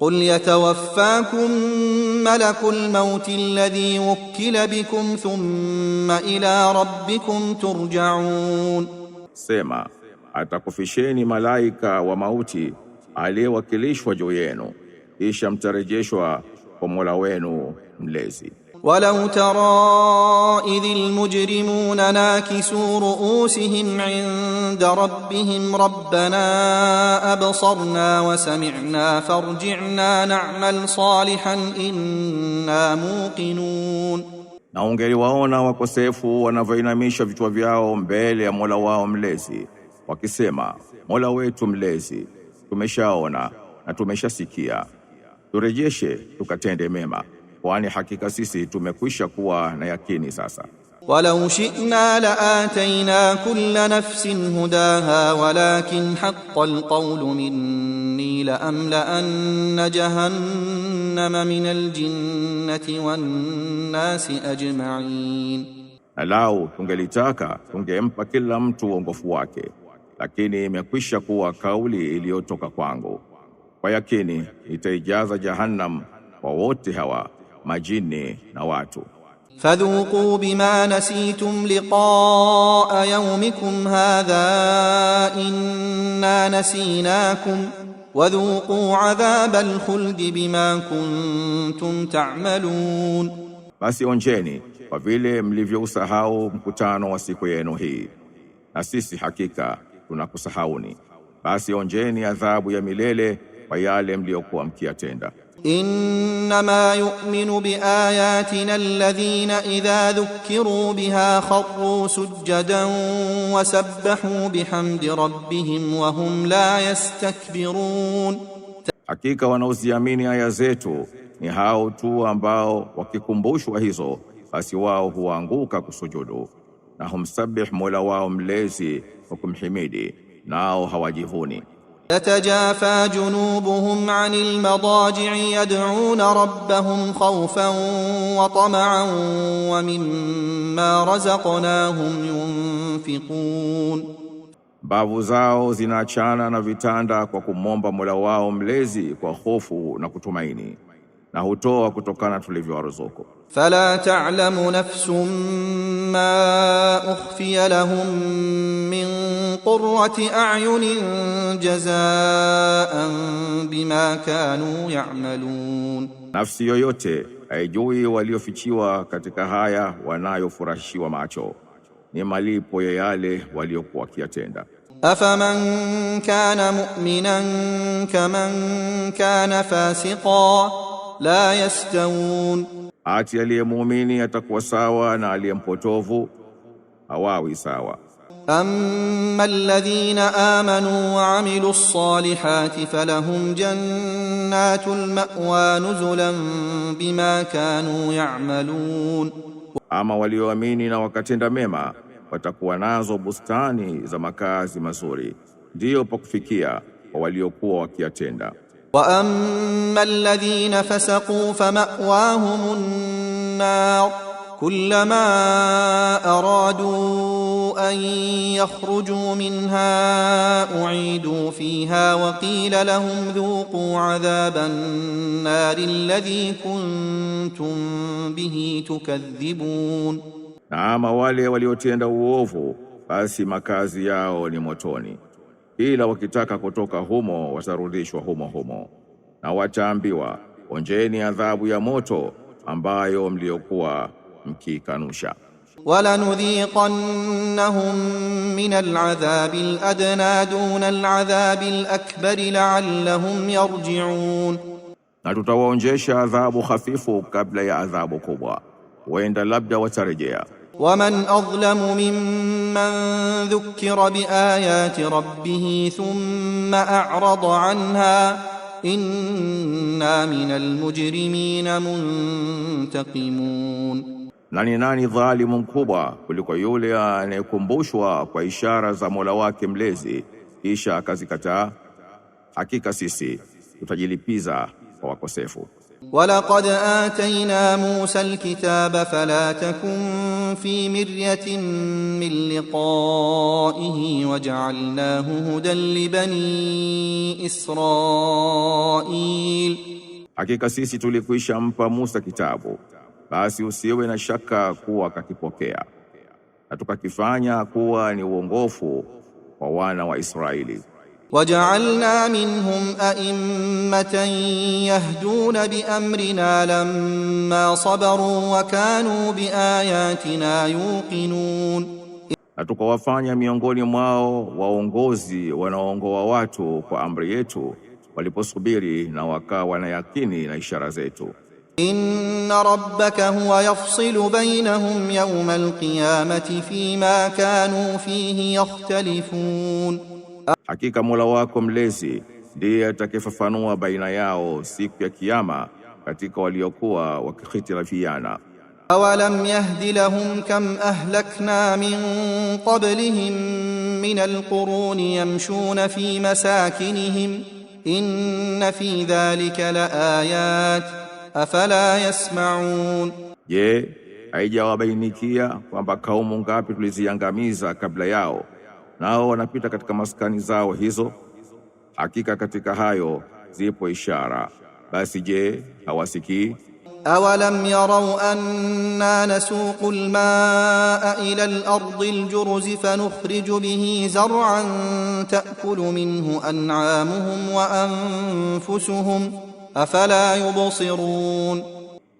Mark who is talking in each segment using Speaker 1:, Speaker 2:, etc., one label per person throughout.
Speaker 1: قل يتوفاكم ملك الموت الذي وكل bikum thumma ila rabbikum turjaun,
Speaker 2: Sema, atakufisheni malaika wa mauti aliyewakilishwa juu yenu, kisha mtarejeshwa kwa Mola wenu mlezi.
Speaker 1: ولو ترى إذ المجرمون ناكسوا رؤوسهم عند ربهم ربنا أبصرنا وسمعنا فارجعنا نعمل صالحا إنا موقنون
Speaker 2: na ungeliwaona wakosefu wanavyoinamisha vichwa vyao mbele ya Mola wao mlezi wakisema, Mola wetu mlezi, tumeshaona na tumeshasikia, turejeshe tukatende mema kwani hakika sisi tumekwisha kuwa na yakini sasa.
Speaker 1: Walau shi'na atayna kulla nafsin hudaha walakin haqqa alqawlu minni laamlaanna jahannama min aljinnati wan nasi ajma'in,
Speaker 2: na lau tungelitaka tungempa kila mtu uongofu wake, lakini imekwisha kuwa kauli iliyotoka kwangu, kwa yakini nitaijaza Jahannam kwa wote hawa majini na watu.
Speaker 1: Fadhuku bima nasitum liqaa yawmikum hadha inna nasinakum wadhuqu adhabal khuldi bima kuntum ta'malun,
Speaker 2: basi onjeni kwa vile mlivyousahau mkutano wa siku yenu hii, na sisi hakika tunakusahauni, basi onjeni adhabu ya milele kwa yale mliokuwa mkiyatenda.
Speaker 1: Innama yu'minu ayatina alladhina idha dhukiru biha kharru sujjadan wasabbahu bihamdi rabbihim wa hum la yastakbirun,
Speaker 2: hakika wanaoziamini aya zetu ni hao tu ambao wakikumbushwa hizo basi wao huanguka kusujudu na humsabih mola wao mlezi wa kumhimidi nao hawajivuni.
Speaker 1: تتجافى جنوبهم عن المضاجع يدعون ربهم خوفا وطمعا ومما رزقناهم ينفقون
Speaker 2: mbavu zao zinaachana na vitanda kwa kumwomba Mola wao mlezi kwa hofu na kutumaini na hutoa kutokana tulivyowaruzuku.
Speaker 1: Fala ta'lamu nafsun ma ukhfiya lahum min qurrati a'yunin jazaan bima kanu ya'malun,
Speaker 2: nafsi yoyote haijui waliofichiwa katika haya wanayofurahishiwa macho ni malipo ya yale waliokuwa wakiyatenda.
Speaker 1: Afaman kana mu'minan kaman kana fasiqan la yastawun,
Speaker 2: ati aliyemwamini atakuwa sawa na aliyempotovu hawawi sawa.
Speaker 1: Amma alladhina amanu wa amilu ssalihati falahum jannatul ma'wa nuzulan bima kanu ya'malun,
Speaker 2: ama walioamini na wakatenda mema watakuwa nazo bustani za makazi mazuri, ndiyo pa kufikia kwa waliokuwa wakiyatenda.
Speaker 1: واما الذين فسقوا فماواهم النار كلما ارادوا ان يخرجوا منها اعيدوا فيها وقيل لهم ذوقوا عذاب النار الذي كنتم به تكذبون
Speaker 2: ama wale waliotenda uovu basi makazi yao ni motoni ila wakitaka kutoka humo watarudishwa humo humo, na wataambiwa onjeni adhabu ya moto ambayo mliokuwa mkiikanusha.
Speaker 1: nudhiqannahum min aladhabi aladna dun aladhabi alakbari laallahum yarjiun,
Speaker 2: na tutawaonjesha adhabu hafifu kabla ya adhabu kubwa, huenda labda watarejea.
Speaker 1: ومن أظلم ممن ذكر بآيات ربه ثم أعرض عنها إنا من المجرمين منتقمون
Speaker 2: Nani nani dhalimu mkubwa kuliko yule anayekumbushwa kwa ishara za Mola wake mlezi kisha akazikataa? Hakika sisi tutajilipiza kwa wakosefu.
Speaker 1: ولقد آتينا موسى الكتاب فلا تكن في مرية من لقائه وجعلناه هدى لبني إسرائيل
Speaker 2: Hakika sisi tulikwisha mpa Musa kitabu, basi usiwe na shaka kuwa kakipokea, na tukakifanya kuwa ni uongofu kwa wana wa Israeli.
Speaker 1: وجعلنا منهم أئمة يهدون بأمرنا لما صبروا وكانوا بآياتنا يوقنون
Speaker 2: na tukawafanya miongoni mwao waongozi wanaoongoa watu kwa amri yetu waliposubiri na wakawa na yakini na ishara zetu.
Speaker 1: Inna rabbaka huwa yafsilu bainahum yawma alqiyamati fima kanu fihi yakhtalifun
Speaker 2: Hakika Mola wako mlezi ndiye atakayefafanua baina yao siku ya Kiyama katika waliokuwa wakihitilafiana.
Speaker 1: Awalam yahdi lahum kam ahlakna min qablihim min alquruni yamshuna fi masakinihim inna fi dhalika laayat afala yasmaun,
Speaker 2: je, haijawabainikia kwamba kaumu ngapi tuliziangamiza kabla yao nao wanapita katika maskani zao hizo. Hakika katika hayo zipo ishara. Basi je, hawasikii?
Speaker 1: Awalam yarau anna nasuqu almaa ila alardi aljurzi fanukhriju bihi zar'an ta'kulu minhu an'amuhum wa anfusuhum afala yubsirun,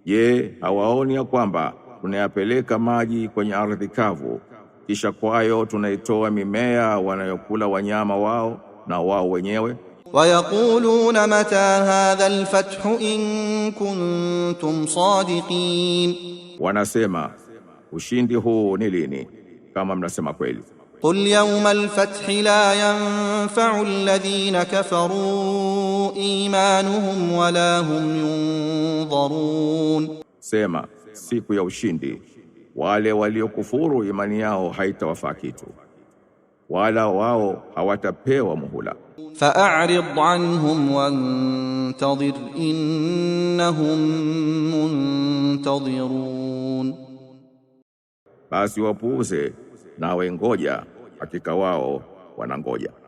Speaker 2: je hawaoni ya kwamba tunayapeleka maji kwenye ardhi kavu kisha kwayo tunaitoa mimea wanayokula wanyama wao na wao wenyewe.
Speaker 1: Wayaquluna mata hadha alfathu in kuntum sadiqin,
Speaker 2: wanasema ushindi huu ni lini kama mnasema kweli.
Speaker 1: Qul yawma alfathi la yanfa'u alladhina kafaru imanuhum wala hum yunzarun,
Speaker 2: sema siku ya ushindi wale waliokufuru imani yao haitawafaa kitu wala wao hawatapewa muhula.
Speaker 1: Fa'rid anhum wantadhir innahum muntadhirun,
Speaker 2: basi wapuuze nawe ngoja, hakika wao wanangoja.